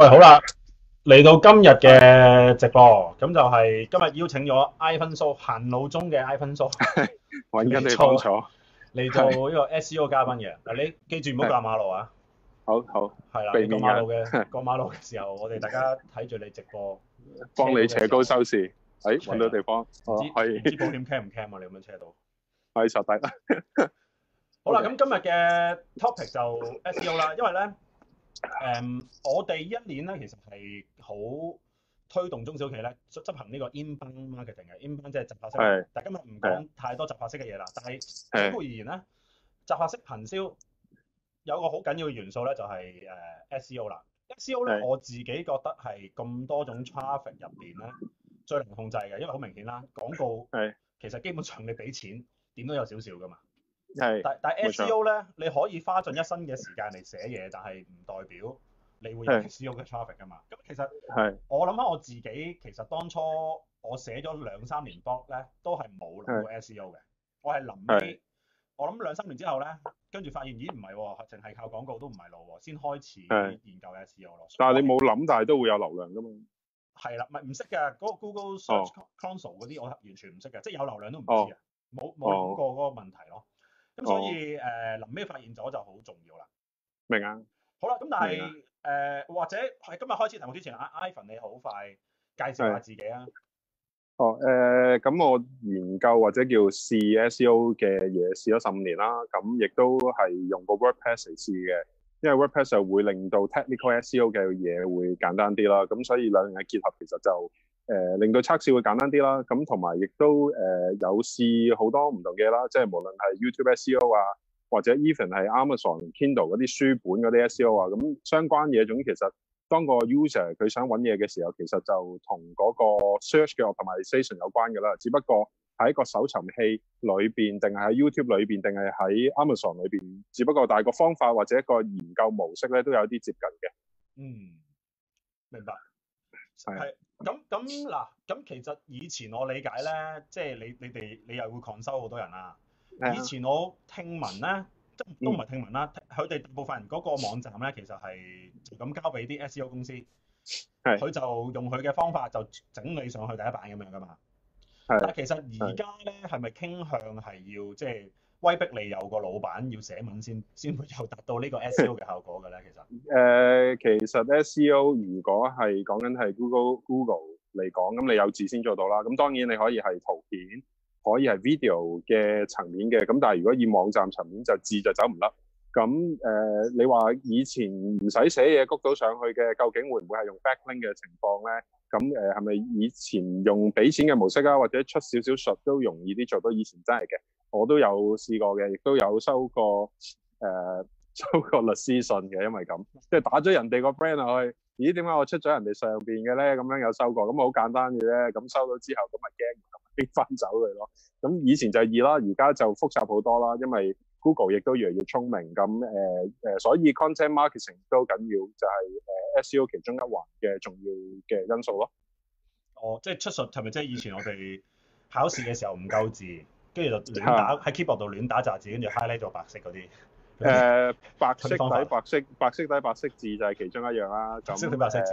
喂，好啦，嚟到今日嘅直播，咁就係今日邀請咗 iPhone Show 行路中嘅 iPhone Show，唔好錯錯嚟到呢個 SEO 嘉賓嘅，嗱你記住唔好過馬路啊，好好係啦，過馬路嘅過馬路嘅時候，我哋大家睇住你直播，幫你扯高收視搵到地方，係直播點 cam 唔 cam 啊？你咁樣車到，係實低。好啦，咁今日嘅 topic 就 SEO 啦，因為咧。誒，um, 我哋一年咧，其實係好推動中小企咧執行呢個 inbound marketing 嘅 inbound 即係集化式的。係，但今日唔講太多集化式嘅嘢啦。的但係總而言之咧，的集化式行銷有個好緊要嘅元素咧，就係誒 SEO 啦。SEO 咧，我自己覺得係咁多種 traffic 入邊咧最能控制嘅，因為好明顯啦，廣告的其實基本上你俾錢點都有少少噶嘛。係，但是但 S E O 咧，你可以花盡一生嘅時間嚟寫嘢，但係唔代表你會有 S E O 嘅 traffic 啊嘛。咁其實，係是，我諗下我自己，其實當初我寫咗兩三年 blog 咧，都係冇諗過 S E O 嘅。我係臨尾，是我諗兩三年之後咧，跟住發現咦唔係喎，淨係、哦、靠廣告都唔係路喎，先開始研究 S E O 咯。但係你冇諗，但係都會有流量噶嘛？係啦，唔係唔識嘅嗰個 Google Search Console 嗰啲、哦，我完全唔識嘅，即係有流量都唔知啊，冇冇諗過嗰個問題咯。咁所以誒，臨尾、哦呃、發現咗就好重要啦。明。啊，好啦，咁但係誒、啊呃，或者喺今日開始題目之前，阿 Ivan 你好快介紹下自己啊、嗯。哦，誒、呃，咁我研究或者叫試 SEO 嘅嘢，試咗十五年啦。咁亦都係用個 WordPress 嚟試嘅，因為 WordPress 就會令到 technical SEO 嘅嘢會簡單啲啦。咁所以兩樣嘢結合，其實就～誒、呃、令到測試會簡單啲啦，咁同埋亦都誒有試好多唔同嘢啦，即係無論係 YouTube SEO 啊，或者 even 係 Amazon Kindle 嗰啲書本嗰啲 SEO 啊，咁、嗯、相關嘢總之其實當個 user 佢想揾嘢嘅時候，其實就同嗰個 search 嘅 optimisation 有關㗎啦。只不過喺個搜尋器裏邊，定係喺 YouTube 裏邊，定係喺 Amazon 裏邊，只不過但係個方法或者一個研究模式咧都有啲接近嘅。嗯，明白。係是。咁咁嗱，咁其實以前我理解咧，即係你你哋你又會擴收好多人啦、啊。以前我聽聞咧，即係都唔係聽聞啦，佢哋大部分人嗰個網站咧，其實係就咁交俾啲 SEO 公司，佢的就用佢嘅方法就整理上去第一版咁樣噶嘛。的但係其實而家咧，係咪的傾向係要即係？就是威逼你有個老闆要寫文先，先會有達到呢個 SEO 嘅效果嘅咧。其實誒、 呃，其實 SEO 如果係講緊係 Google Google 嚟講，咁你有字先做到啦。咁當然你可以係圖片，可以係 video 嘅層面嘅。咁但係如果以網站層面就字就走唔甩。咁誒、呃，你話以前唔使寫嘢，谷到上去嘅，究竟會唔會係用 backlink 嘅情況咧？咁誒，呃，係咪以前用俾錢嘅模式啊，或者出少少術都容易啲做到？以前真係嘅。我都有試過嘅，亦都有收過誒、呃、收過律師信嘅，因為咁即係打咗人哋個 brand 落去，咦點解我出咗人哋上邊嘅咧？咁樣有收過，咁好簡單嘅啫。咁收到之後咁咪 game 同走佢咯。咁以前就易啦，而家就複雜好多啦。因為 Google 亦都越嚟越聰明，咁誒誒，所以 content marketing 都緊要，就係、是、誒、呃、SEO 其中一環嘅重要嘅因素咯。哦，即、就、係、是、出實係咪即係以前我哋考試嘅時候唔夠字？ 跟住就亂打喺 keyboard 度亂打雜字，跟住 highlight 咗白色嗰啲。誒、呃，白色底白色 法白色底白色字就係其中一樣啦、啊。白色底白色字。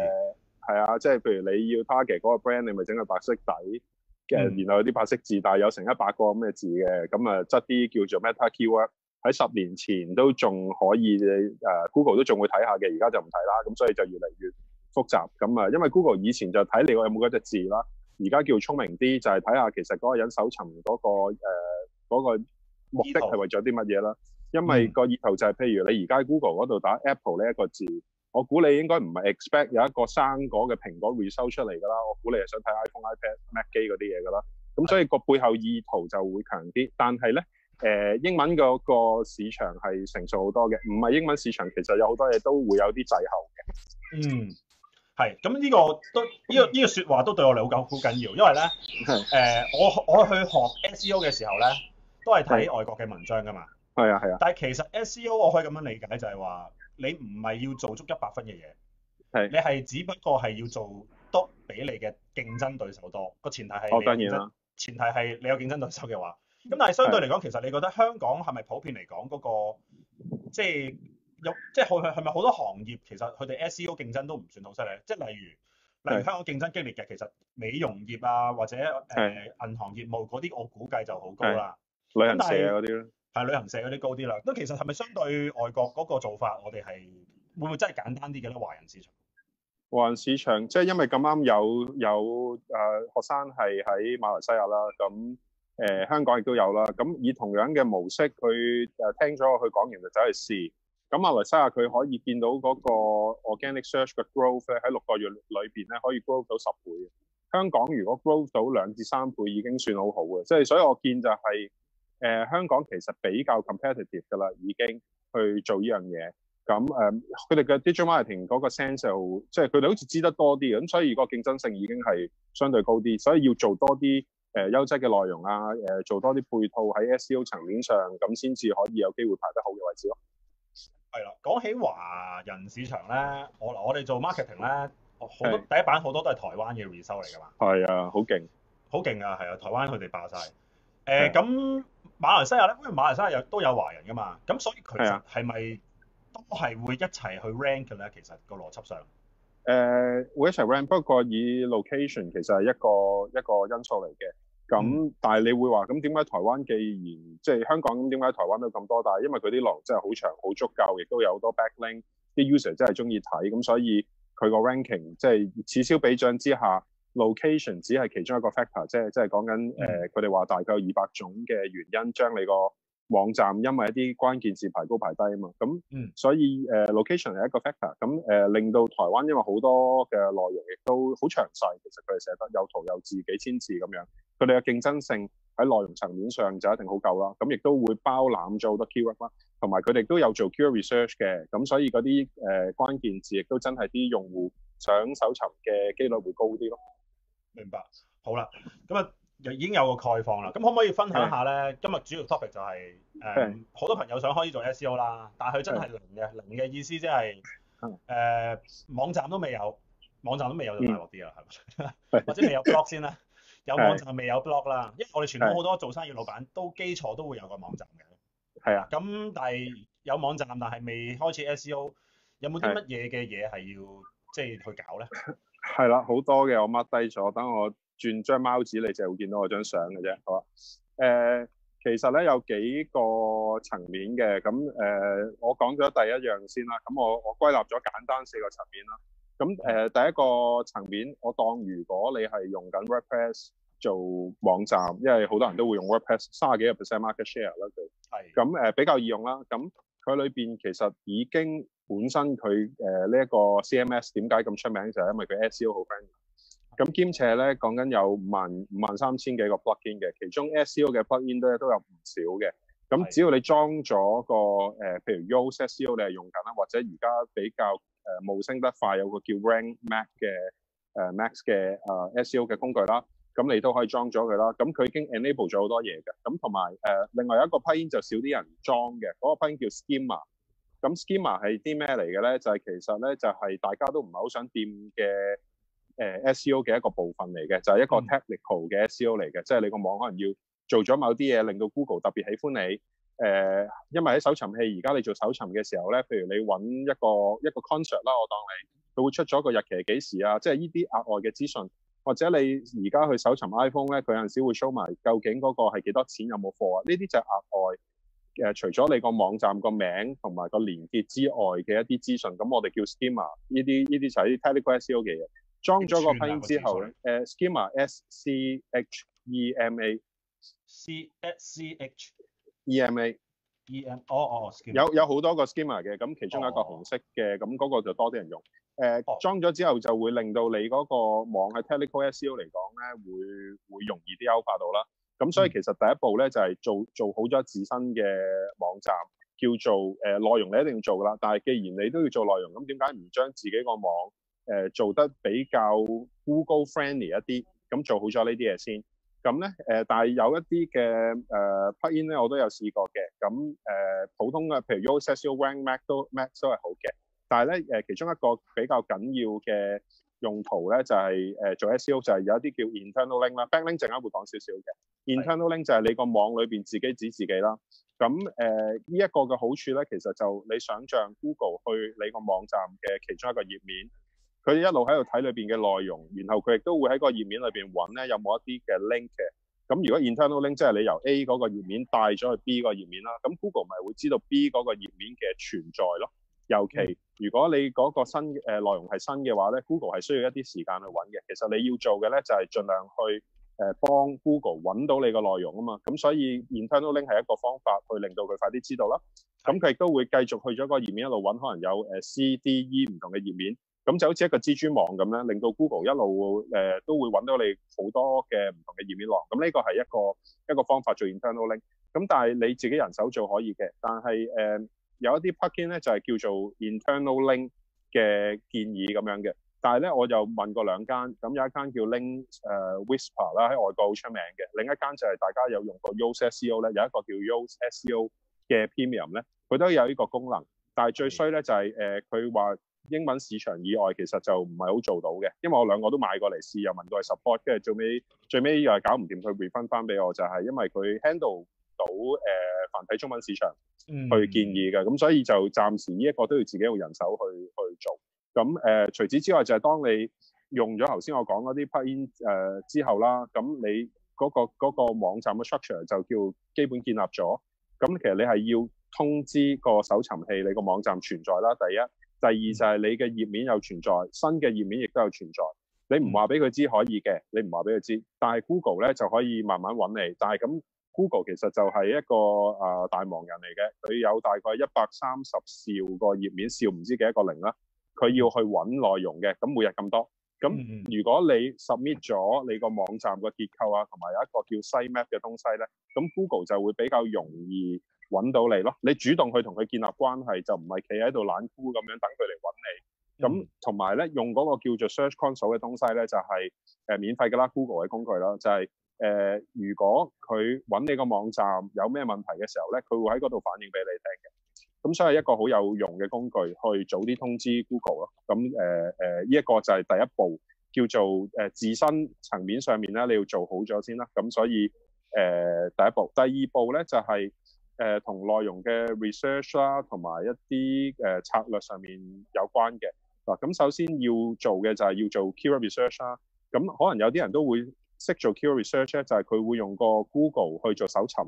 係、呃、啊，即係譬如你要 target 嗰個 brand，你咪整個白色底嘅，然後、嗯、有啲白色字，但係有成一百個咁嘅字嘅，咁啊，執、呃、啲叫做 meta keyword。喺十年前都仲可以誒、呃、Google 都仲會睇下嘅，而家就唔睇啦。咁所以就越嚟越複雜。咁啊，因為 Google 以前就睇你有冇嗰隻字啦。而家叫聰明啲，就係睇下其實嗰個人搜尋嗰個誒嗰個目的係為咗啲乜嘢啦。意圖。因為個意圖就係，譬如你而家 Google 嗰度打 Apple 呢一個字，我估你應該唔係 expect 有一個生果嘅蘋果會搜出嚟㗎啦。我估你係想睇 iPhone、iPad、Mac 機嗰啲嘢㗎啦。咁所以個背後意圖就會強啲。但係咧，誒英文嗰個市場係成熟好多嘅，唔係英文市場其實有好多嘢都會有啲滯後嘅。嗯。係，咁呢個都呢個呢個說話都對我哋好緊好緊要，因為咧，誒、 呃，我我去學 SEO 嘅時候咧，都係睇外國嘅文章㗎嘛。係啊係啊。但係其實 SEO 我可以咁樣理解就係話，你唔係要做足一百分嘅嘢，係的你係只不過係要做多比你嘅競爭對手多。個前提係你競爭，前提係你有競爭對手嘅話。咁但係相對嚟講，的其實你覺得香港係咪普遍嚟講嗰個即係，就是有，即係係係咪好多行業其實佢哋 SEO 競爭都唔算好犀利？即係例如例如香港競爭激烈嘅，其實美容業啊或者誒、呃、銀行業務嗰啲，我估計就好高啦。旅行社嗰啲咯，係旅行社嗰啲高啲啦。咁其實係咪相對外國嗰個做法，我哋係會唔會真係簡單啲嘅咧？華人市場，華人市場即係因為咁啱有有誒學生係喺馬來西亞啦，咁誒、呃、香港亦都有啦。咁以同樣嘅模式，佢誒聽咗我去講完就走去試。咁馬來西亞佢可以見到嗰個 organic search 嘅 growth 咧，喺六個月裏邊咧可以 grow 到十倍。香港如果 grow 到兩至三倍已經算好好嘅，即係所以我見就係誒香港其實比較 competitive 㗎啦，已經去做呢樣嘢。咁誒佢哋嘅 digital marketing 嗰個 sense 就即係佢哋好似知得多啲咁，所以個競爭性已經係相對高啲，所以要做多啲誒優質嘅內容啊，誒做多啲配套喺 SEO 層面上，咁先至可以有機會排得好嘅位置咯。係啦，講起華人市場咧，我我哋做 marketing 咧，好多的第一版好多都係台灣嘅 resell 嚟噶嘛。係啊，好勁，好勁啊，係啊，台灣佢哋霸晒誒。咁、呃、的馬來西亞咧，因為馬來西亞有都有華人噶嘛，咁所以佢係咪都係會一齊去 rank 嘅咧？其實個邏輯上誒、呃、會一齊 rank，不過以 location 其實係一個一個因素嚟嘅。咁，嗯、但係你會話咁點解台灣既然即係、就是、香港咁點解台灣都咁多？但係因為佢啲樓真係好長好足夠，亦都有好多 backlink，啲 user 真係中意睇，咁所以佢個 ranking 即係此消彼長之下，location 只係其中一個 factor，即係即係講緊誒，佢哋話大概有二百種嘅原因將你個。網站因為一啲關鍵字排高排低啊嘛，咁、嗯、所以誒、uh, location 係一個 factor，咁誒、uh, 令到台灣因為好多嘅內容亦都好詳細，其實佢哋寫得有圖有字幾千字咁樣，佢哋嘅競爭性喺內容層面上就一定好夠啦。咁亦都會包攬咗好多 keyword 啦，同埋佢哋都有做 keyword research 嘅，咁所以嗰啲誒關鍵字亦都真係啲用戶想搜尋嘅機率會高啲咯。明白，好啦，咁啊。已經有個概況啦，咁可唔可以分享下咧？的今日主要 topic 就係誒好多朋友想開始做 SEO 啦，但係佢真係的零嘅，零嘅意思即係誒網站都未有，網站都未有就大鑊啲啦，係咪的？或者未有 blog 先啦，有網站未有 blog 啦，因為我哋全部好多做生意老闆都基礎都會有個網站嘅，係啊的。咁但係有網站但係未開始 SEO，有冇啲乜嘢嘅嘢係要即係、就是、去搞咧？係啦，好多嘅我 mark 低咗，等我。轉張貓紙，你就係會見到我張相嘅啫，好啊？誒、呃，其實咧有幾個層面嘅，咁、嗯、誒、呃、我講咗第一樣先啦。咁、嗯、我我歸納咗簡單四個層面啦。咁、嗯、誒、呃、第一個層面，我當如果你係用緊 WordPress 做網站，因為好多人都會用 WordPress，三十幾個 percent market share 啦，佢係咁誒比較易用啦。咁佢裏邊其實已經本身佢誒呢一個 CMS 點解咁出名就係、是、因為佢 SEO 好 friend。咁兼且咧，講緊有五萬五萬三千幾個 plugin 嘅，其中 SEO 嘅 plugin 咧都有唔少嘅。咁只要你裝咗個誒、呃，譬如 Yoast SEO 你係用緊啦，或者而家比較誒、呃、無升得快，有個叫 Rank Mac 嘅誒、呃、Max 嘅誒、呃、SEO 嘅工具啦，咁你都可以裝咗佢啦。咁佢已經 enable 咗好多嘢嘅。咁同埋誒，另外有一個 plugin 就少啲人裝嘅，嗰、那個 plugin 叫 Schema。咁 Schema 係啲咩嚟嘅咧？就係、是、其實咧就係、是、大家都唔係好想掂嘅。誒 SEO 嘅一個部分嚟嘅，就係、是、一個 technical 嘅 SEO 嚟嘅，嗯、即係你個網可能要做咗某啲嘢，令到 Google 特別喜歡你。誒、呃，因為喺搜尋器而家你做搜尋嘅時候咧，譬如你揾一個一個 concert 啦，我當你佢會出咗個日期係幾時啊？即係呢啲額外嘅資訊，或者你而家去搜尋 iPhone 咧，佢有陣時會 show 埋究竟嗰個係幾多錢，有冇貨啊？呢啲就係額外誒、呃，除咗你個網站個名同埋個連結之外嘅一啲資訊。咁我哋叫 schema，呢啲呢啲就係啲 technical SEO 嘅嘢。裝咗個拼音之後咧，誒 schema S C H E M A C S C H E M A E M 哦哦，有有好多個 schema 嘅，咁其中一個紅色嘅，咁嗰、哦、個就多啲人用。誒裝咗之後就會令到你嗰個網喺 technical SEO 嚟講咧，會會容易啲優化到啦。咁所以、嗯、其實第一步咧就係做做好咗自身嘅網站，叫做誒、呃、內容你一定要做㗎啦。但係既然你都要做內容，咁點解唔將自己個網，誒做得比較 Google friendly 一啲，咁、嗯、做好咗呢啲嘢先。咁咧誒，但係有一啲嘅誒 plug-in 咧，呃、我都有試過嘅。咁、嗯、誒、呃、普通嘅，譬如 Yoast SEO、Rank、Math 都 Math 都係好嘅。但係咧誒，其中一個比較緊要嘅用途咧，就係、是、誒、呃、做 SEO 就係、是、有一啲叫 internal link 啦。back link 陣間會講少少嘅 internal link 就係你個網裏邊自己指自己啦。咁誒呢一個嘅好處咧，其實就你想象 Google 去你個網站嘅其中一個頁面。佢一路喺度睇裏邊嘅內容，然後佢亦都會喺個頁面裏邊揾咧有冇一啲嘅 link 嘅。咁如果 internal link 即係你由 A 嗰個頁面帶咗去 B 個頁面啦，咁 Google 咪會知道 B 嗰個頁面嘅存在咯。尤其如果你嗰個新誒內、呃、容係新嘅話咧，Google 係需要一啲時間去揾嘅。其實你要做嘅咧就係、是、盡量去誒幫、呃、Google 揾到你個內容啊嘛。咁所以 internal link 係一個方法去令到佢快啲知道啦。咁佢亦都會繼續去咗個頁面一路揾，可能有誒、呃、C、D、E 唔同嘅頁面。咁就好似一個蜘蛛網咁咧，令到 Google 一路誒、呃、都會揾到你好多嘅唔同嘅頁面來。咁、嗯、呢、這個係一個一個方法做 internal link、嗯。咁但係你自己人手做可以嘅，但係誒、呃、有一啲 plugin 咧就係、是、叫做 internal link 嘅建議咁樣嘅。但係咧，我又問過兩間，咁、嗯、有一間叫 Link 誒、呃、Whisper 啦，喺外國好出名嘅。另一間就係大家有用過 Yoast SEO 咧，有一個叫 Yoast SEO 嘅 premium 咧，佢都有呢個功能。但係最衰咧就係誒佢話。呃英文市場以外，其實就唔係好做到嘅，因為我兩個都買過嚟試，又問佢 support 嘅，最尾最尾又係搞唔掂，佢 refund 翻俾我，就係、是、因為佢 handle 到誒、呃、繁體中文市場去建議嘅，咁、嗯、所以就暫時呢一個都要自己用人手去去做。咁誒、呃、除此之外，就係、是、當你用咗頭先我講嗰啲 plugin 之後啦，咁你嗰、那個嗰、那個那個網站嘅 structure 就叫基本建立咗。咁其實你係要通知個搜尋器你個網站存在啦，第一。第二就係你嘅頁面有存在，新嘅頁面亦都有存在。你唔話俾佢知可以嘅，嗯、你唔話俾佢知，但係 Google 咧就可以慢慢揾你。但係咁 Google 其實就係一個啊、呃、大忙人嚟嘅，佢有大概一百三十兆個頁面，兆唔知幾多個零啦。佢要去揾內容嘅，咁每日咁多。咁如果你 submit 咗你個網站個結構啊，同埋有一個叫 site map 嘅東西咧，咁 Google 就會比較容易揾到你咯！你主動去同佢建立關係，就唔係企喺度懶箍咁樣等佢嚟揾你。咁同埋咧，用嗰個叫做 Search Console 嘅東西咧，就係誒免費㗎啦，Google 嘅工具啦，就係誒如果佢揾你個網站有咩問題嘅時候咧，佢會喺嗰度反應俾你聽嘅。咁所以係一個好有用嘅工具，去早啲通知 Google 咯。咁誒誒，呢一個就係第一步，叫做誒自身層面上面咧，你要做好咗先啦。咁所以誒第一步，第二步咧就係。誒同內容嘅 research 啦，同埋一啲誒、呃、策略上面有關嘅嗱。咁、啊、首先要做嘅就係要做 keyword research 啦、啊。咁、嗯、可能有啲人都會識做 keyword research 咧、啊，就係、是、佢會用個 Google 去做搜尋，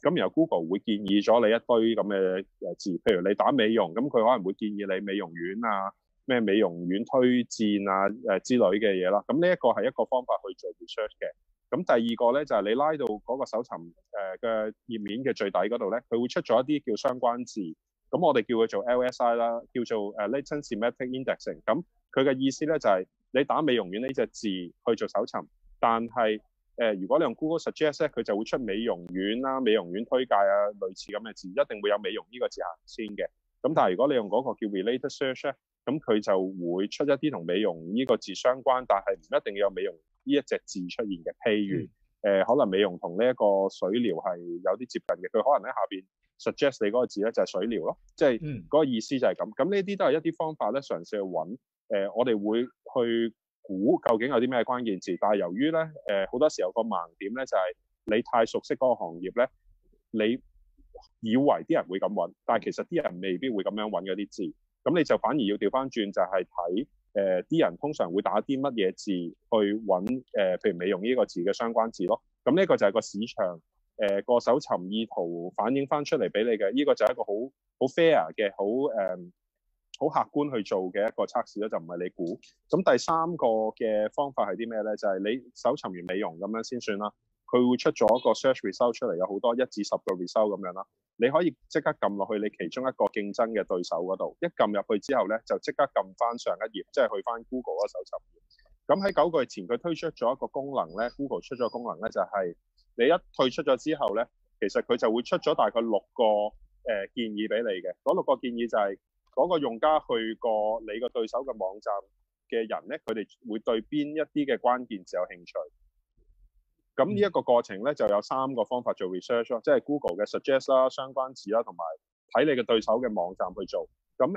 咁、嗯、然後 Google 會建議咗你一堆咁嘅誒字，譬如你打美容，咁、嗯、佢可能會建議你美容院啊。咩美容院推薦啊？誒、啊、之類嘅嘢啦。咁呢一個係一個方法去做 research 嘅。咁、嗯、第二個咧就係、是、你拉到嗰個搜尋誒嘅、呃、頁面嘅最底嗰度咧，佢會出咗一啲叫相關字。咁、嗯、我哋叫佢做 LSI 啦，叫做誒 Latent Semantic Indexing。咁佢嘅意思咧就係、是、你打美容院呢隻字去做搜尋，但係誒、呃、如果你用 Google Suggest 佢就會出美容院啦、美容院推介啊，類似咁嘅字，一定會有美容呢個字先嘅。咁、嗯、但係如果你用嗰個叫 Related Search 咧。咁佢就會出一啲同美容呢個字相關，但係唔一定要有美容呢一隻字出現嘅。譬如誒，可能美容同呢一個水療係有啲接近嘅，佢可能喺下邊 suggest 你嗰個字咧就係水療咯，即係嗰個意思就係咁。咁呢啲都係一啲方法咧，嘗試去揾誒、呃，我哋會去估究竟有啲咩關鍵字。但係由於咧誒，呃，好多時候個盲點咧就係你太熟悉嗰個行業咧，你以為啲人會咁揾，但係其實啲人未必會咁樣揾嗰啲字。咁你就反而要調翻轉，就係睇誒啲人通常會打啲乜嘢字去揾誒、呃，譬如美容呢個字嘅相關字咯。咁、嗯、呢、這個就係個市場誒個搜尋意圖反映翻出嚟俾你嘅。呢、這個就係一個好好 fair 嘅好誒好、呃、客觀去做嘅一個測試咧，就唔係你估。咁、嗯、第三個嘅方法係啲咩咧？就係、是、你搜尋完美容咁樣先算啦。佢會出咗一個 search result 出嚟，有好多一至十個 result 咁樣啦。你可以即刻撳落去你其中一個競爭嘅對手嗰度，一撳入去之後咧，就即刻撳翻上一頁，即係去翻 Google 嗰個搜尋頁。咁喺九個月前，佢推出咗一個功能咧，Google 出咗功能咧、就係，就係你一退出咗之後咧，其實佢就會出咗大概六個誒、呃、建議俾你嘅。嗰六個建議就係、係、嗰、嗰個用家去過你個對手嘅網站嘅人咧，佢哋會對邊一啲嘅關鍵字有興趣。咁呢一個過程咧，就有三個方法做 research 咯，即係 Google 嘅 suggest 啦、相關字啦，同埋睇你嘅對手嘅網站去做。咁誒誒，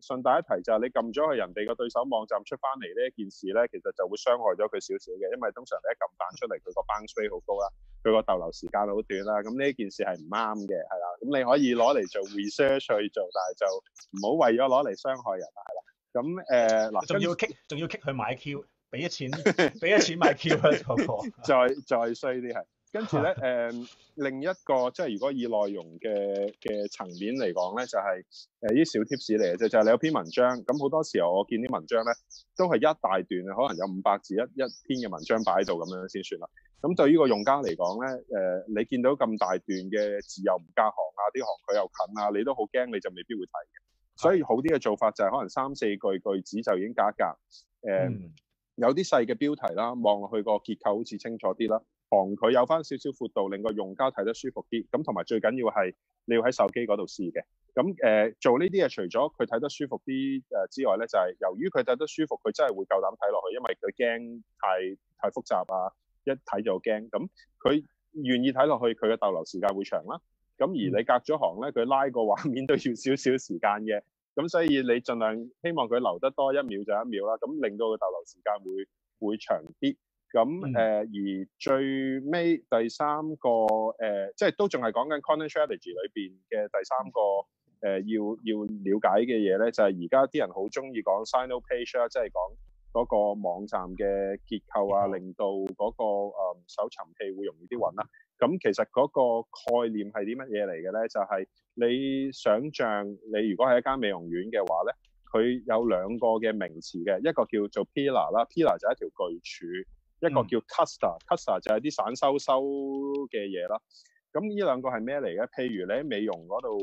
順、呃、帶、呃、一提就係、是、你撳咗去人哋個對手網站出翻嚟呢一件事咧，其實就會傷害咗佢少少嘅，因為通常你一撳翻出嚟，佢個 bounce rate 好高啦，佢個逗留時間好短啦，咁呢件事係唔啱嘅，係啦。咁你可以攞嚟做 research 去做，但係就唔好為咗攞嚟傷害人啦，係啦。咁、呃、嗱，仲要 kick，仲要 kick 去買 Q。俾一錢，俾一 錢買票。 再再衰啲係。跟住咧，誒、呃、另一個即係如果以內容嘅嘅層面嚟講咧，就係誒啲小貼士嚟嘅啫。就係、是、你有篇文章咁，好多時候我見啲文章咧都係一大段可能有五百字一一篇嘅文章擺喺度咁樣先算啦。咁對於個用家嚟講咧，誒、呃、你見到咁大段嘅字又唔隔行啊，啲行佢又近啊，你都好驚，你就未必會睇嘅。所以好啲嘅做法就係、是、可能三四句，句句子就已經加隔誒。呃嗯有啲細嘅標題啦，望落去個結構好似清楚啲啦，行佢有翻少少闊度，令個用家睇得舒服啲。咁同埋最緊要係你要喺手機嗰度試嘅。咁誒、呃、做呢啲嘢，除咗佢睇得舒服啲誒之外咧，就係、是、由於佢睇得舒服，佢真係會夠膽睇落去，因為佢驚太太複雜啊，一睇就驚。咁佢願意睇落去，佢嘅逗留時間會長啦。咁而你隔咗行咧，佢拉個畫面都要少少時間嘅。咁所以你儘量希望佢留得多一秒就一秒啦，咁令到佢逗留時間會會長啲。咁誒、嗯呃、而最尾第三個誒、呃，即係都仲係講緊 content strategy 裏邊嘅第三個誒、呃，要要了解嘅嘢咧，就係而家啲人好中意講 single page 啦，o、age，即係講嗰個網站嘅結構啊，令到嗰、那個搜尋器會容易啲揾啦。咁其實嗰個概念係啲乜嘢嚟嘅咧？就係、是、你想象你如果係一間美容院嘅話咧，佢有兩個嘅名詞嘅，一個叫做 Pilar 啦，Pilar 就係一條巨柱；一個叫 Custer，Custer 就係啲散修修嘅嘢啦。咁呢兩個係咩嚟嘅？譬如你喺美容嗰度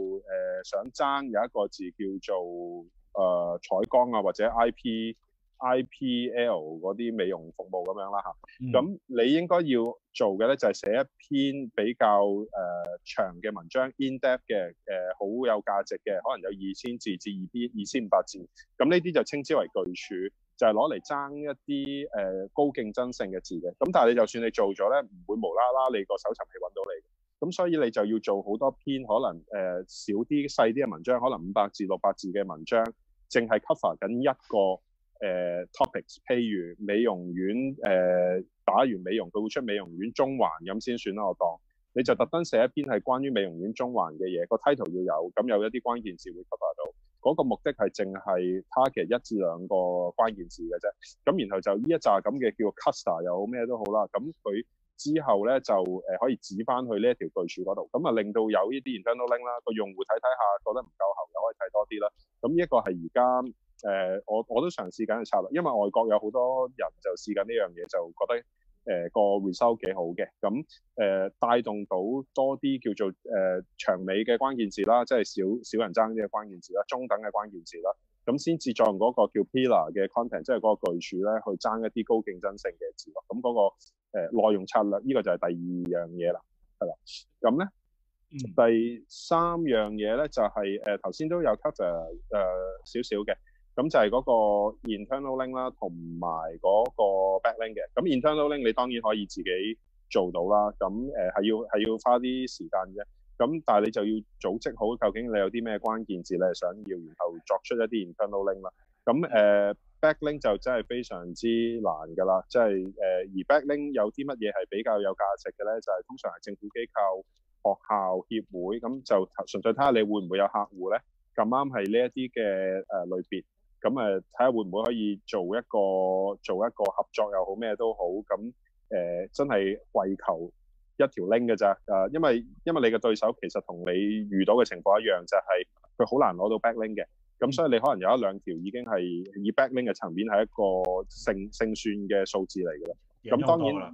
誒想爭有一個字叫做誒、呃、彩光啊，或者 IP。IPL 嗰啲美容服務咁樣啦嚇，咁、嗯、你應該要做嘅咧就係、是、寫一篇比較誒、呃、長嘅文章，in-depth 嘅誒好有價值嘅，可能有二千字至二篇二千五百字。咁呢啲就稱之為巨柱，就係攞嚟爭一啲誒高競爭性嘅字嘅。咁但係你就算你做咗咧，唔會無啦啦你個搜尋器揾到你。咁所以你就要做好多篇可能誒少啲細啲嘅文章，可能五百字、六百字嘅文章，淨係 cover 緊一個。誒、呃、topics，譬如美容院誒、呃、打完美容，佢會出美容院中環咁先算啦，我當你就特登寫一篇係關於美容院中環嘅嘢，個 title 要有，咁有一啲關鍵字會 cover 到，嗰、那個目的係淨係 target 一至兩個關鍵字嘅啫，咁然後就呢一紮咁嘅叫做 cluster，有咩都好啦，咁佢之後咧就誒可以指翻去呢一條句處嗰度，咁啊令到有呢啲 internal link 啦，個用戶睇睇下覺得唔夠喉，又可以睇多啲啦，咁呢一個係而家。誒、呃，我我都嘗試緊嘅策略，因為外國有好多人就試緊呢樣嘢，就覺得誒、呃、個回收幾好嘅，咁、嗯、誒、呃、帶動到多啲叫做誒、呃、長尾嘅關鍵字啦，即係少少人爭啲嘅關鍵字啦，中等嘅關鍵字啦，咁先至再用嗰個叫 pillar 嘅 content，即係嗰個巨柱咧，去爭一啲高競爭性嘅字咯。咁、嗯、嗰、那個誒、呃、內容策略，呢、這個就係第二樣嘢啦，係啦。咁咧、嗯、第三樣嘢咧就係誒頭先都有 cover 誒少少嘅。呃小小小咁就係嗰個 internal link 啦，同埋嗰個 back link 嘅。咁 internal link 你當然可以自己做到啦。咁誒係要係要花啲時間啫。咁但係你就要組織好，究竟你有啲咩關鍵字你係想要，然後作出一啲 internal link 啦。咁誒、呃、back link 就真係非常之難㗎啦，即係誒而 back link 有啲乜嘢係比較有價值嘅咧？就係、是、通常係政府機構、學校協會咁就純粹睇下你會唔會有客戶咧。咁啱係呢一啲嘅誒類別。咁誒睇下會唔會可以做一個做一個合作又好咩都好，咁誒、呃、真係為求一條 link 嘅咋誒？因為因為你嘅對手其實同你遇到嘅情況一樣，就係佢好難攞到 back link 嘅，咁所以你可能有一兩條已經係以 back link 嘅層面係一個勝勝算嘅數字嚟嘅啦。咁、嗯、當然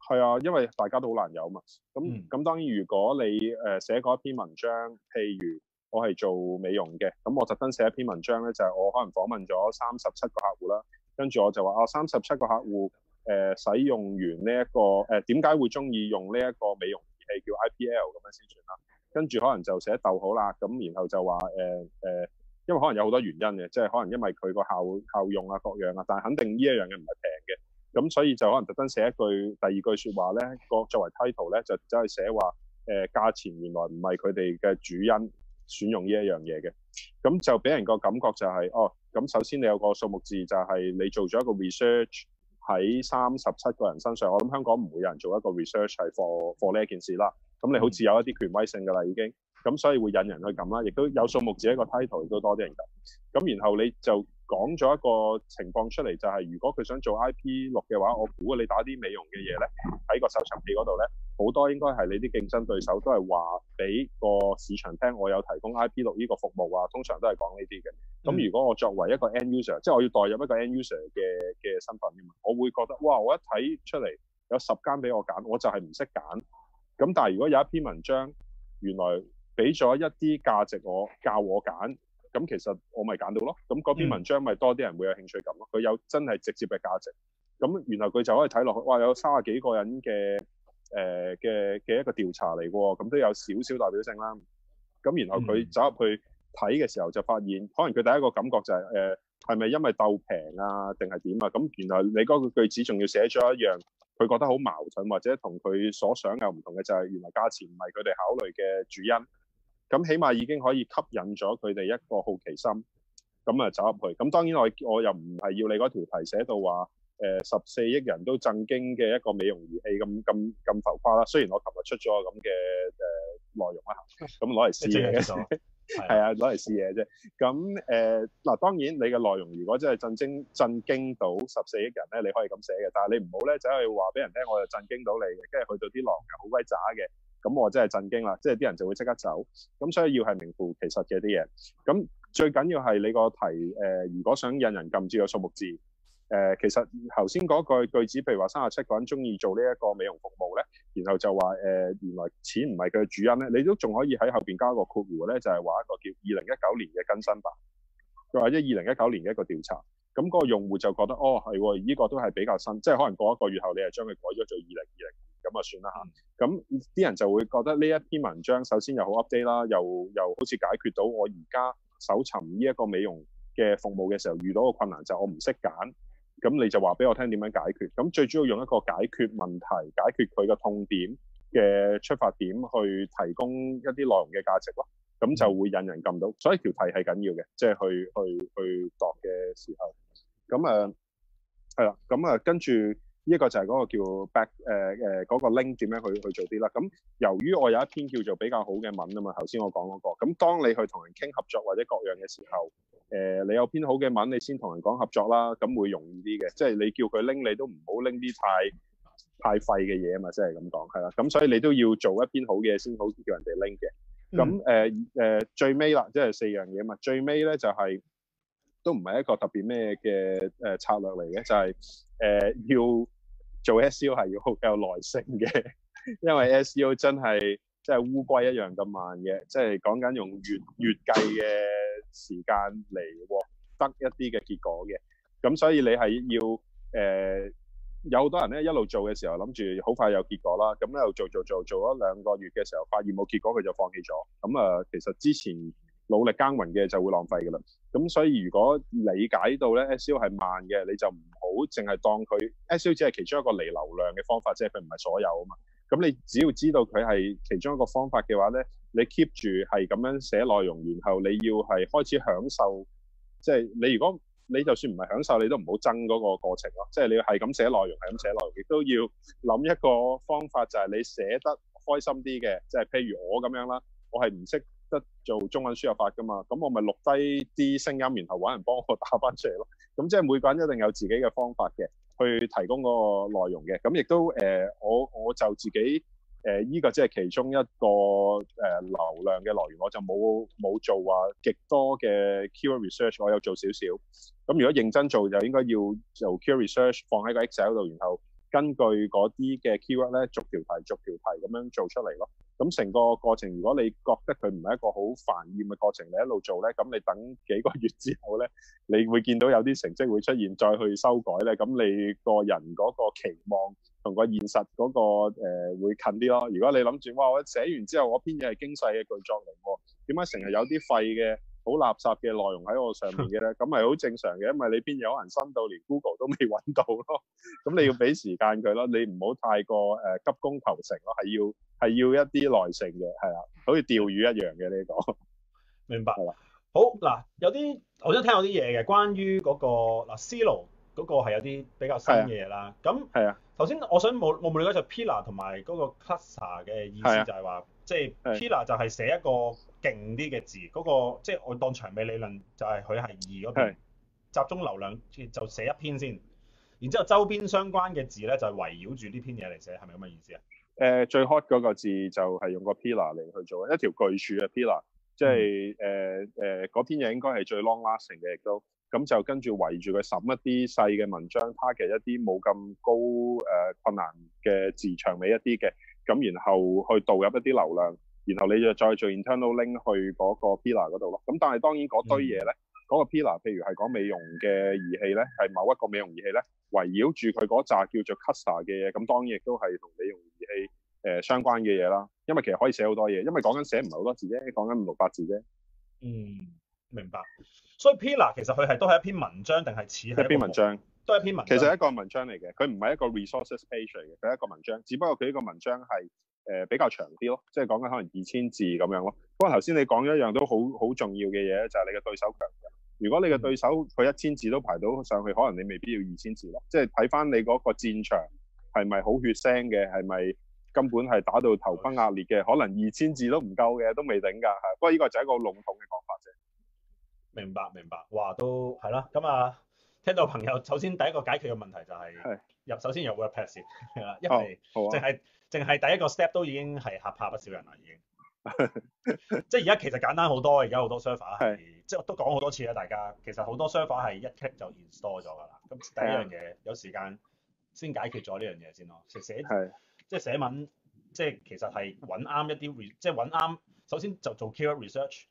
係、嗯、啊，因為大家都好難有啊嘛。咁咁、嗯、當然如果你誒、呃、寫嗰一篇文章，譬如～我係做美容嘅，咁我特登寫一篇文章咧，就係、是、我可能訪問咗三十七個客戶啦，跟住我就話啊，三十七個客戶誒、呃、使用完呢、這、一個誒點解會中意用呢一個美容儀器叫 IPL 咁樣先算啦，跟住可能就寫逗號啦，咁然後就話誒誒，因為可能有好多原因嘅，即係可能因為佢個效效用啊各樣啊，但係肯定呢一樣嘢唔係平嘅，咁所以就可能特登寫一句第二句説話咧，個作為 title 咧就真係寫話誒、呃、價錢原來唔係佢哋嘅主因。選用呢一樣嘢嘅，咁就俾人個感覺就係、是，哦，咁首先你有個數目字就係你做咗一個 research 喺三十七個人身上，我諗香港唔會有人做一個 research 係 for for 呢一件事啦，咁你好似有一啲權威性噶啦已經，咁所以會引人去撳啦，亦都有數目字一個 title 亦都多啲人撳，咁然後你就，講咗一個情況出嚟，就係如果佢想做 IP 六嘅話，我估你打啲美容嘅嘢咧，喺個搜尋器嗰度咧，好多應該係你啲競爭對手都係話俾個市場聽，我有提供 IP 六呢個服務啊。通常都係講呢啲嘅。咁如果我作為一個 End User，即係我要代入一個 End User 嘅嘅身份嘅嘛，我會覺得哇，我一睇出嚟有十間俾我揀，我就係唔識揀。咁但係如果有一篇文章，原來俾咗一啲價值我教我揀。咁其實我咪揀到咯，咁嗰篇文章咪多啲人會有興趣感咯，佢、嗯、有真係直接嘅價值。咁然後佢就可以睇落去，哇，有三十幾個人嘅誒嘅嘅一個調查嚟喎，咁都有少少代表性啦。咁然後佢走入去睇嘅時候，就發現、嗯、可能佢第一個感覺就係、係、誒，係、呃、咪因為鬥平啊，定係點啊？咁原來你嗰個句子仲要寫咗一樣，佢覺得好矛盾或者同佢所想有唔同嘅，就係原來價錢唔係佢哋考慮嘅主因。咁起碼已經可以吸引咗佢哋一個好奇心，咁啊走入去。咁當然我我又唔係要你嗰條題寫到話，誒十四億人都震驚嘅一個美容儀器咁咁咁浮誇啦。雖然我琴日出咗咁嘅誒內容啦，咁攞嚟試嘢嘅啫，係啊，攞嚟試嘢啫。咁誒嗱，當然你嘅內容如果真係震驚震驚到十四億人咧，你可以咁寫嘅，但係你唔好咧，走係話俾人聽，我就震驚到你嘅，跟住去到啲狼嘅，好鬼渣嘅。咁我真係震驚啦，即係啲人就會即刻走。咁所以要係名符其實嘅啲嘢。咁最緊要係你個題，誒、呃、如果想引人關注嘅數目字，誒、呃、其實頭先嗰句句子，譬如話三十七個人鍾意做呢一個美容服務咧，然後就話誒、呃、原來錢唔係佢嘅主因咧，你都仲可以喺後邊加一個括弧咧，就係、是、話一個叫二零一九年嘅更新版，又或者二零一九年嘅一個調查。咁、那、嗰個用戶就覺得，哦係喎，依、這個都係比較新，即係可能過一個月後你係將佢改咗做二零二零。咁啊算啦嚇，咁啲人就會覺得呢一篇文章首先又好 update 啦，又又好似解決到我而家搜尋呢一個美容嘅服務嘅時候遇到嘅困難就我唔識揀，咁你就話俾我聽點樣解決？咁最主要用一個解決問題、解決佢嘅痛點嘅出發點去提供一啲內容嘅價值咯，咁就會引人撳到，所以條題係緊要嘅，即係去去去作嘅時候，咁誒係啦，咁啊跟住。呢一個就係嗰個叫 back 誒誒嗰個 link 點樣去去做啲啦。咁由於我有一篇叫做比較好嘅文啊嘛，頭先我講嗰個。咁當你去同人傾合作或者各樣嘅時候，誒你有篇好嘅文，你先同人講合作啦，咁會容易啲嘅。即係你叫佢拎，你都唔好拎啲太太廢嘅嘢啊嘛，即係咁講，係啦。咁所以你都要做一篇好嘅先好叫人哋拎嘅。咁誒誒最尾啦，即係四樣嘢嘛，最尾咧就係都唔係一個特別咩嘅誒策略嚟嘅，就係誒要。做 SEO 係要好有耐性嘅，因為 SEO 真係即係烏龜一樣咁慢嘅，即係講緊用月月計，嘅時間嚟獲得一啲嘅結果嘅。咁所以你係要誒、呃、有好多人咧一路做嘅時候諗住好快有結果啦。咁咧又做做做做咗兩個月嘅時候發現冇結果，佢就放棄咗。咁啊、呃，其實之前努力耕耘嘅就會浪費㗎啦。咁所以如果理解到咧 SEO 係慢嘅，你就唔～淨係當佢 SEO 只係其中一個嚟流量嘅方法即係，佢唔係所有啊嘛。咁你只要知道佢係其中一個方法嘅話咧，你 keep 住係咁樣寫內容，然後你要係開始享受，即係你如果你就算唔係享受，你都唔好爭嗰個過程咯。即係你要係咁寫內容，係咁寫內容亦都要諗一個方法，就係你寫得開心啲嘅，即係譬如我咁樣啦，我係唔識。得做中文輸入法噶嘛？咁我咪錄低啲聲音，然後搵人幫我打翻出嚟咯。咁即係每個人一定有自己嘅方法嘅，去提供嗰個內容嘅。咁亦都誒、呃，我我就自己誒、呢，呃這個即係其中一個誒、呃、流量嘅來源，我就冇冇做話、啊、極多嘅 keyword research。我有做少少。咁如果認真做就應該要做 keyword research，放喺個 Excel 度，然後。根據嗰啲嘅 key word 咧，逐條題、逐條題咁樣做出嚟咯。咁成個過程，如果你覺得佢唔係一個好煩厭嘅過程，你一路做咧，咁你等幾個月之後咧，你會見到有啲成績會出現，再去修改咧，咁你個人嗰個期望同個現實嗰、那個誒、呃、會近啲咯。如果你諗住哇，我寫完之後我篇嘢係經世嘅巨作嚟喎，點解成日有啲廢嘅？好垃圾嘅內容喺我上面嘅咧，咁咪好正常嘅，因為你邊有人能深度連 Google 都未揾到咯，咁你要俾時間佢咯， 你唔好太過誒急功求成咯，係要係要一啲耐性嘅，係啦，好似釣魚一樣嘅呢、這個，明白。的好嗱，有啲我想聽過啲嘢嘅，關於嗰、那個嗱 c 嗰個係有啲比較新嘅嘢啦。咁啊。頭先的我想冇冇理解就 pillar 同埋嗰個 cluster 嘅意思就係話，即係的 pillar 就係寫一個勁啲嘅字。嗰、那個即係、就是、我當長尾理論就係佢係二嗰邊的集中流量，就寫一篇先。然之後周邊相關嘅字咧就係圍繞住呢篇嘢嚟寫，係咪咁嘅意思啊？誒、呃，最 hot 嗰個字就係用個 pillar 嚟去做一條巨柱嘅 pillar 即係誒誒嗰篇嘢應該係最 long-lasting 嘅亦都。咁就跟住圍住佢審一啲細嘅文章，target 一啲冇咁高誒、呃、困難嘅字長尾一啲嘅，咁然後去導入一啲流量，然後你就再做 internal link 去嗰個 pillar 嗰度咯。咁但係當然嗰堆嘢咧，嗰、嗯、個 pillar 譬如係講美容嘅儀器咧，係某一個美容儀器咧，圍繞住佢嗰紮叫做 cluster 嘅嘢，咁當然亦都係同美容儀器誒、呃、相關嘅嘢啦。因為其實可以寫好多嘢，因為講緊寫唔係好多字啫，講緊五六百字啫。嗯。明白，所以 pillar 其實佢係都係一篇文章，定係似一篇文章，都係一篇文章。其實一個文章嚟嘅，佢唔係一個 resources page 嚟嘅，佢係一個文章。只不過佢呢個文章係誒、呃、比較長啲咯，即係講緊可能二千字咁樣咯。不過頭先你講咗一樣都好好重要嘅嘢就係、是、你嘅對手強。如果你嘅對手佢一千字都排到上去，可能你未必要二千字咯。即係睇翻你嗰個戰場係咪好血腥嘅，係咪根本係打到頭崩額裂嘅，吧可能二千字都唔夠嘅，都未頂㗎。不過呢個就係一個籠統嘅講法。明白明白，哇都係啦，咁、嗯、啊、嗯、聽到朋友首先第一個解決嘅問題就係、是、入是首先入 WordPress、oh, s 係啦是，因為淨係淨係第一個 step 都已經係嚇怕不少人啦，已經。 即係而家其實簡單好多，而家好多 server 係是即我都講好多次啦，大家其實好多 server 係一 click 就 install 咗㗎啦。咁第一樣嘢是有時間先解決咗呢樣嘢先咯。即寫是即係寫文，即係其實係揾啱一啲即係揾啱，首先就做 keyword research。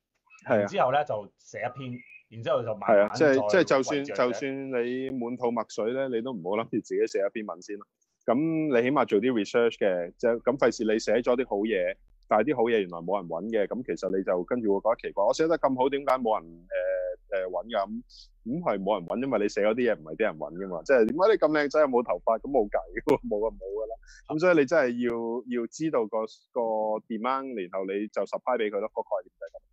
係，啊、之後咧就寫一篇，然之後就慢慢即係即係，就算就算你滿肚墨水咧，你都唔好諗住自己寫一篇文先啦。咁你起碼做啲 research 嘅，即係咁費事你寫咗啲好嘢，但係啲好嘢原來冇人揾嘅。咁其實你就跟住會覺得奇怪，我寫得咁好，點解冇人誒誒揾㗎？咁咁係冇人揾，因為你寫嗰啲嘢唔係啲人揾嘅嘛。即係點解你咁靚仔又冇頭髮？咁冇計喎，冇啊冇㗎啦。咁所以你真係要要知道個個 demand，然後你就 supply 俾佢咯。個概念就係咁。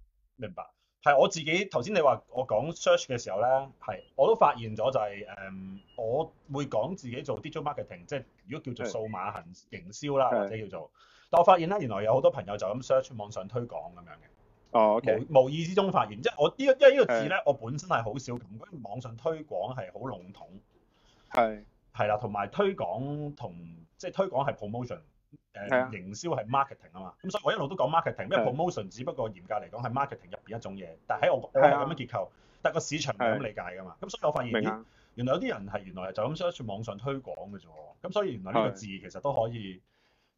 明白，係我自己頭先你話我講 search 嘅時候咧，係我都發現咗就係、係、誒、嗯，我會講自己做 digital marketing，即係如果叫做數碼行營銷啦，的或者叫做，但我發現咧，原來有好多朋友就咁 search 網上推廣咁樣嘅。哦 okay、無無意之中發現，即係我呢個因為呢個字咧，的我本身係好少，網上推廣係好籠統，係係啦，同埋推廣同即係推廣係 promotion。誒營銷係 marketing 啊嘛，咁所以我一路都講 marketing，因為 promotion 只不過嚴格嚟講係 marketing 入邊一種嘢，但喺我係咁嘅結構，但個市場唔咁理解噶嘛，咁所以我發現原來有啲人係原來就咁想做網上推廣嘅啫喎，咁所以原來呢個字其實都可以，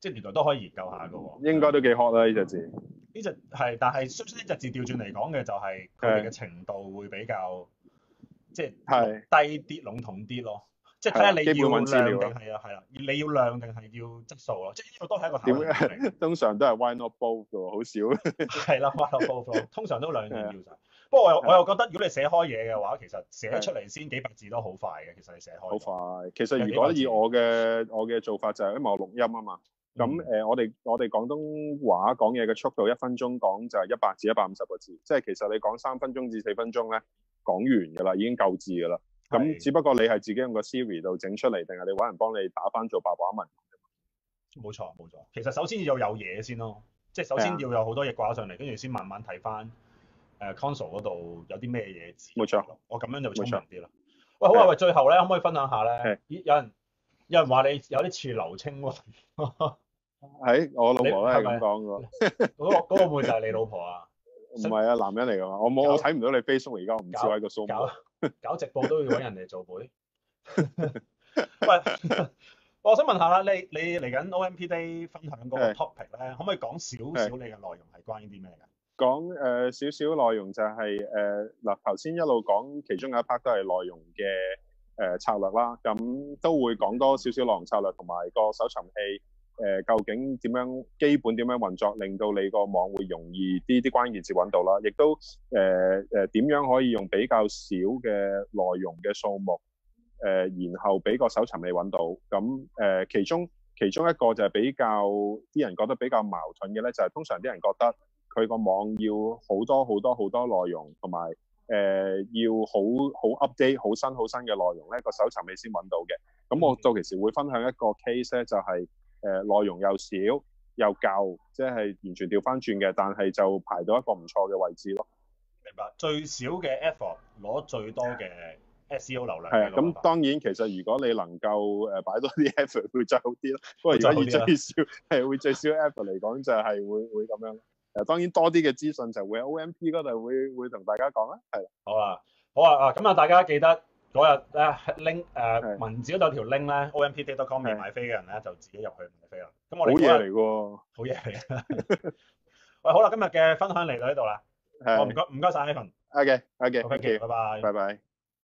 即係原來都可以研究下嘅喎。應該都幾 hot 啦呢隻字。呢隻係，但係將呢隻字調轉嚟講嘅就係佢哋嘅程度會比較即係低啲、籠統啲咯。即係睇下你要量定係啊係啊，要的你要量定係要質素咯。即係呢個都係一個衡量。通常都係 why not both 嘅，好少。係 啦，why not both, both？通常都兩樣要曬。不過我又的我又覺得，如果你寫開嘢嘅話，其實寫出嚟先幾百字都好快嘅。其實你寫開好快。的其實如果以我嘅我嘅做法就係、是、因為我錄音啊嘛。咁誒、嗯呃，我哋我哋廣東話講嘢嘅速度一分鐘講就係一百至一百五十個字。即係其實你講三分鐘至四分鐘咧，講完㗎啦，已經夠字㗎啦。咁，只不過你係自己用個 Siri 度整出嚟，定係你搵人幫你打翻做白話文？冇錯，冇錯。其實首先要有嘢先咯，即係首先要有好多嘢掛上嚟，跟住先慢慢睇翻誒 console 嗰度有啲咩嘢。冇錯，我咁樣就會聰明啲咯。喂，好啊，喂，最後咧可唔可以分享下咧？有人有人話你有啲似劉青雲。我老婆都係咁講過。嗰個嗰個妹仔就係你老婆啊？唔係啊，男人嚟㗎嘛。我冇我睇唔到你 Facebook 而家，我唔知喺個數。搞直播都要搵人嚟做背。 喂，我想問下啦，你你嚟緊 OMP Day 分享嗰個 topic 咧，是可唔可以講少少你嘅內容係關於啲咩噶講誒、呃、少少內容就係誒嗱，頭、呃、先一路講其中有一 part 都係內容嘅誒、呃、策略啦，咁都會講多少少內容策略同埋個搜尋器。誒、呃、究竟點樣基本點樣運作，令到你個網會容易啲啲關鍵字揾到啦。亦都誒誒點樣可以用比較少嘅內容嘅數目誒、呃，然後俾個搜尋器揾到。咁、嗯、誒、呃、其中其中一個就係比較啲人覺得比較矛盾嘅咧，就係、是、通常啲人覺得佢個網要好多好多好多內容，同埋誒要好好 update 好新好新嘅內容咧，個搜尋器先揾到嘅。咁我到時會分享一個 case 咧，就係、是。誒內容又少又舊，即係完全調翻轉嘅，但係就排到一個唔錯嘅位置咯。明白最少嘅 effort 攞最多嘅 SEO 流量係咁。的當然其實如果你能夠誒擺多啲 effort 會爭好啲咯。不過而家以最少係、啊、會最少 effort 嚟講就係會會咁樣。誒當然多啲嘅資訊就會喺 OMP 嗰度會會同大家講啦。係。好啊，好啊啊！咁啊，大家記得。嗰日咧拎誒文字度、呃、是的 有條 link 咧，OMP.com 是的 買飛嘅人咧就自己入去買飛啦。咁我哋好嘢嚟喎，好嘢嚟。喂，好啦，今日嘅分享嚟到呢度啦。係是的、哦，唔該唔該曬，Evan。OK，OK，k OK，bye bye